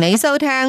你收聽二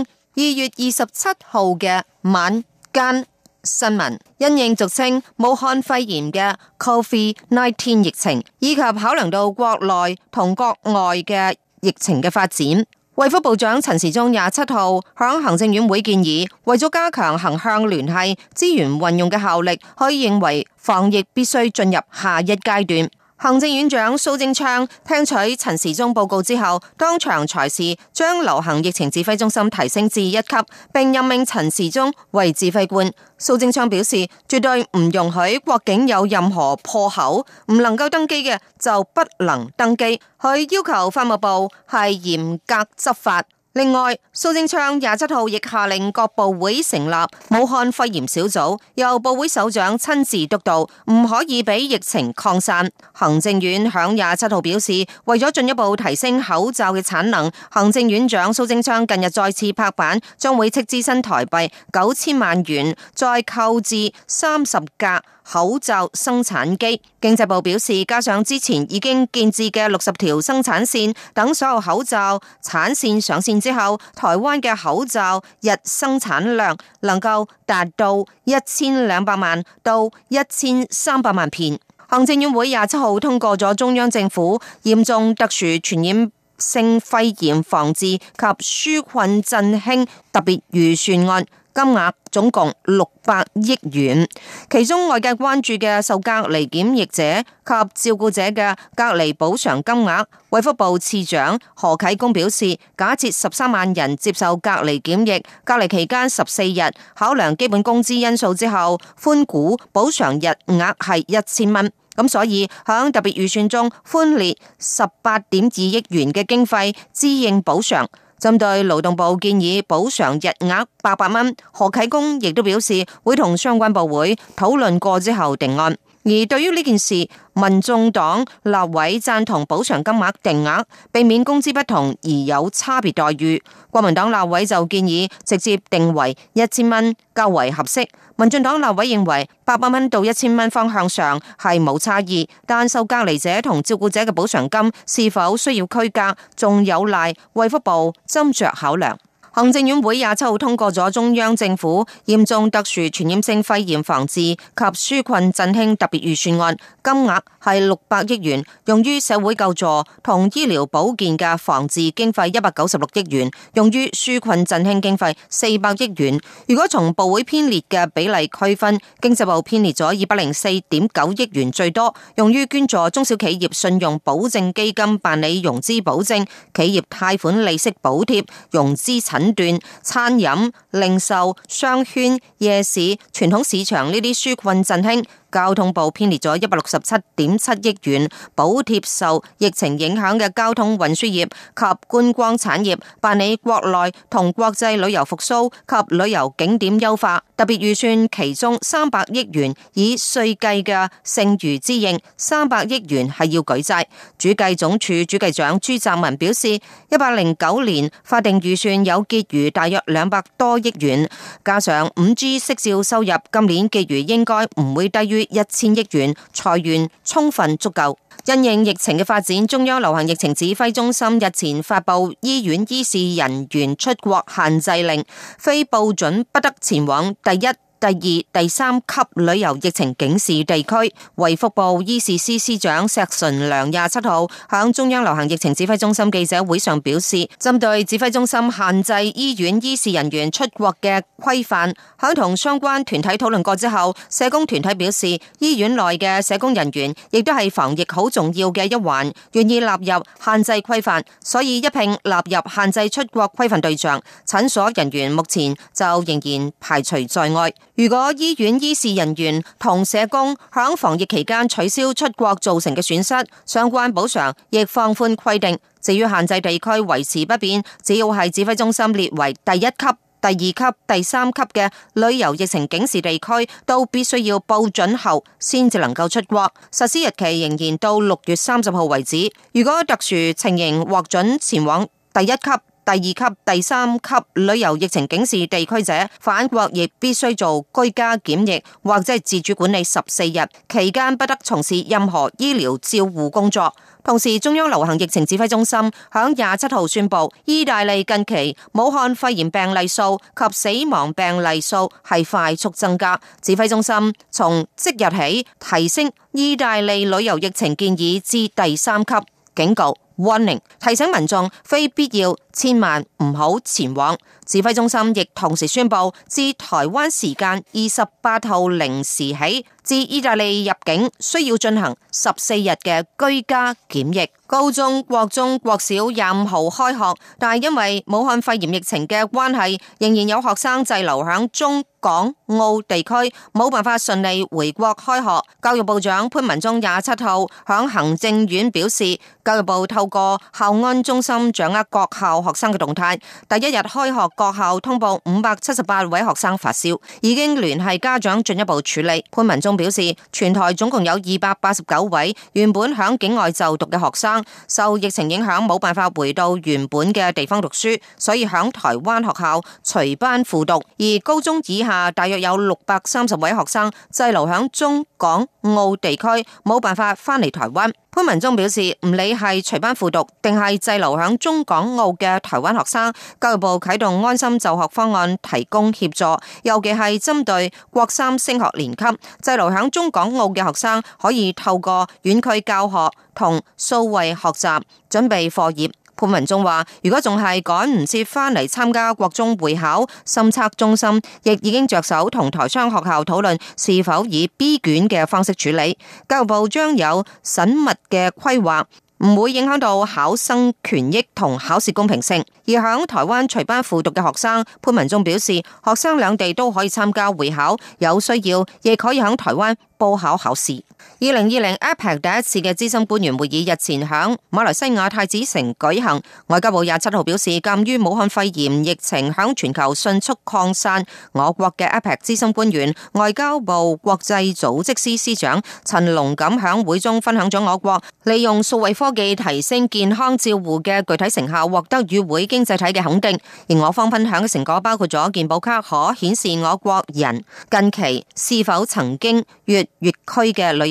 月二十七號嘅晚間新聞，因應俗稱武漢肺炎嘅 Covid nineteen 疫情，以及考量到國內同國外嘅疫情嘅發展，衛福部長陳時中廿七號向行政院會建議，為咗加強橫向聯繫、資源運用嘅效力，可以認為防疫必須進入下一階段。行政院長蘇貞昌聽取陳時中報告之後，當場裁示將流行疫情指揮中心提升至一級，並任命陳時中為指揮官。蘇貞昌表示，絕對唔容許國境有任何破口，唔能夠登機嘅就不能登機。佢要求法務部係嚴格執法。另外，蘇貞昌廿七號亦下令各部會成立武漢肺炎小組，由部會首長親自督導，唔可以俾疫情擴散。行政院響廿七號表示，為咗進一步提升口罩嘅產能，行政院長蘇貞昌近日再次拍板，將會斥資新台幣九千萬元，再購置三十架口罩生產機，經濟部表示，加上之前已經建置嘅六十條生產線，等所有口罩產線上線之後，台灣嘅口罩日生產量能夠達到一千兩百萬到一千三百萬片。行政院會廿七號通過咗中央政府嚴重特殊傳染性肺炎防治及紓困振興特別預算案。金額總共六百億元，其中外界關注嘅受隔離檢疫者及照顧者嘅隔離補償金額，衛福部次長何啟功表示，假設十三萬人接受隔離檢疫，隔離期間十四日，考量基本工資因素之後，寬估補償日額係一千蚊，咁所以響特別預算中，寬列十八點二億元嘅經費支應補償。針對勞動部建議補償日額八百蚊，何啟工亦都表示會同相關部會討論過之後定案。而對於呢件事，民眾黨立委贊同補償金額定額，避免工資不同而有差別待遇。國民黨立委就建議直接定為一千蚊較為合適。民眾黨立委認為八百蚊到一千蚊方向上係冇差異，但受隔離者同照顧者嘅補償金是否需要區隔，仲有賴衛福部斟酌考量。行政院會廿七號通過咗中央政府嚴重特殊傳染性肺炎防治及紓困振興特別預算案，金額係六百億元，用於社會救助同醫療保健嘅防治經費一百九十六億元，用於紓困振興經費四百億元。如果從部會編列嘅比例區分，經濟部編列咗二百零四點九億元最多，用於捐助中小企業信用保證基金辦理融資保證、企業貸款利息補貼、融資陳。片段、餐飲零售、商圈、夜市、傳統市場呢啲紓困振興。交通部編列咗一百六十七點七億元補貼受疫情影響嘅交通運輸業及觀光產業，辦理國內同國際旅遊復甦及旅遊景點優化特別預算，其中三百億元以歲計嘅剩餘支應，三百億元係要舉債。主計總處主計長朱澤文表示，一百零九年法定預算有結餘大約兩百多億元，加上五 G 息照收入，今年結餘應該唔會低於。一千億元財源，充分足夠。因應疫情嘅發展，中央流行疫情指揮中心日前發布醫院醫事人員出國限制令，非報准不得前往第一、第二、第三級旅遊疫情警示地區，衞福部醫事司司長石純良廿七號喺中央流行疫情指揮中心記者會上表示，針對指揮中心限制醫院醫事人員出國嘅規範，喺同相關團體討論過之後，社工團體表示，醫院內嘅社工人員亦都係防疫好重要嘅一環，願意納入限制規範，所以一併納入限制出國規範對象。診所人員目前就仍然排除在外。如果醫院醫事人員同社工響防疫期間取消出國造成嘅損失，相關補償亦放寬規定，至於限制地區維持不變，只要係指揮中心列為第一級、第二級、第三級嘅旅遊疫情警示地區，都必須要報准後先至能夠出國。實施日期仍然到六月三十號為止。如果特殊情形獲准前往第一級。第二級、第三級旅遊疫情警示地區者返國，亦必須做居家檢疫或者自主管理十四日期間，不得從事任何醫療照護工作。同時，中央流行疫情指揮中心響廿七號宣布，意大利近期武漢肺炎病例數及死亡病例數係快速增加。指揮中心從即日起提升意大利旅遊疫情建議至第三級警告 w a 提醒民眾非必要。千萬唔好前往。指揮中心亦同時宣布，自台灣時間二十八號零時起，至意大利入境需要進行十四日嘅居家檢疫。高中、國中、國小廿五號開學，但係因為武漢肺炎疫情嘅關係，仍然有學生滯留響中港澳地區，冇辦法順利回國開學。教育部長潘文忠廿七號響行政院表示，教育部透過校安中心掌握國校。學生嘅動態，第一日開學過後通報五百七十八位學生發燒，已經聯繫家長進一步處理。潘文忠表示，全台總共有二百八十九位原本響境外就讀嘅學生，受疫情影響冇辦法回到原本嘅地方讀書，所以響台灣學校隨班輔讀。而高中以下大約有六百三十位學生滯留響中港澳地區，冇辦法翻嚟台灣。潘文忠表示，唔理係隨班附讀定係滯留響中港澳嘅台灣學生，教育部啟動安心就學方案，提供協助，尤其係針對國三升學年級滯留響中港澳嘅學生，可以透過遠距教學同數位學習準備課業。潘文忠話：如果仲係趕唔切翻嚟參加國中會考，深測中心亦已經着手同台商學校討論是否以 B 卷嘅方式處理。教育部將有縝密嘅規劃，唔會影響到考生權益同考試公平性。而響台灣隨班附讀嘅學生，潘文忠表示，學生兩地都可以參加會考，有需要亦可以響台灣報考考試。二零二零 APEC 第一次嘅資深官員會議日前響馬來西亞太子城舉行。外交部廿七號表示，鑒於武漢肺炎疫情響全球迅速擴散，我國嘅 APEC、e、資深官員、外交部國際組織司司長陳龍錦響會中分享咗我國利用數位科技提升健康照護嘅具體成效，獲得與會經濟體嘅肯定。而我方分享嘅成果包括咗健保卡可顯示我國人近期是否曾經越越區嘅旅。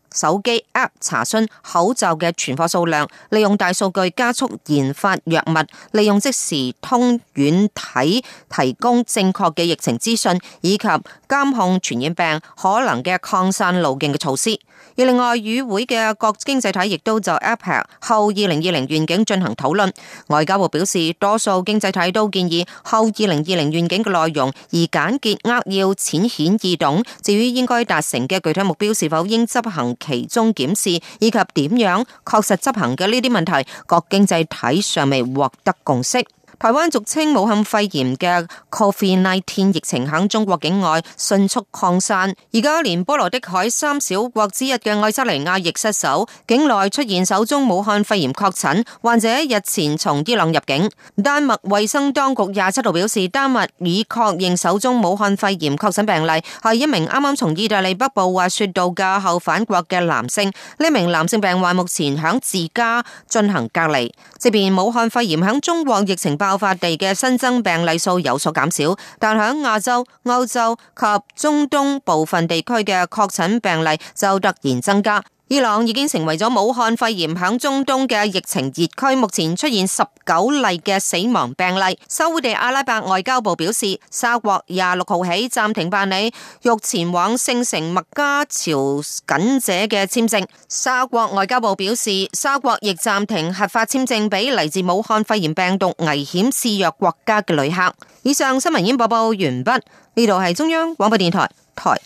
手機 App 查詢口罩嘅存貨數量，利用大數據加速研發藥物，利用即時通軟體提供正確嘅疫情資訊，以及監控傳染病可能嘅擴散路徑嘅措施。而另外，與會嘅各經濟體亦都就 APEC 後二零二零願景進行討論。外交部表示，多數經濟體都建議後二零二零願景嘅內容而簡潔扼要、淺顯易懂。至於應該達成嘅具體目標，是否應執行？其中檢視以及點樣確實執行嘅呢啲問題，各經濟體尚未獲得共識。台灣俗稱武漢肺炎嘅 Covid nineteen 疫情響中國境外迅速擴散，而家連波羅的海三小國之一嘅愛沙尼亞亦失守，境內出現首宗武漢肺炎確診患者，日前從伊朗入境。丹麥衛生當局廿七號表示，丹麥已確認首宗武漢肺炎確診病例係一名啱啱從意大利北部滑雪度假後返國嘅男性。呢名男性病患目前響自家進行隔離。即便武漢肺炎響中國疫情爆，爆發地嘅新增病例數有所減少，但響亞洲、歐洲及中東部分地區嘅確診病例就突然增加。伊朗已經成為咗武漢肺炎響中東嘅疫情熱區，目前出現十九例嘅死亡病例。沙烏地阿拉伯外交部表示，沙國廿六號起暫停辦理欲前往聖城麥加朝覲者嘅簽證。沙國外交部表示，沙國亦暫停核發簽證俾嚟自武漢肺炎病毒危險肆虐國家嘅旅客。以上新聞演播報完畢，呢度係中央廣播電台台。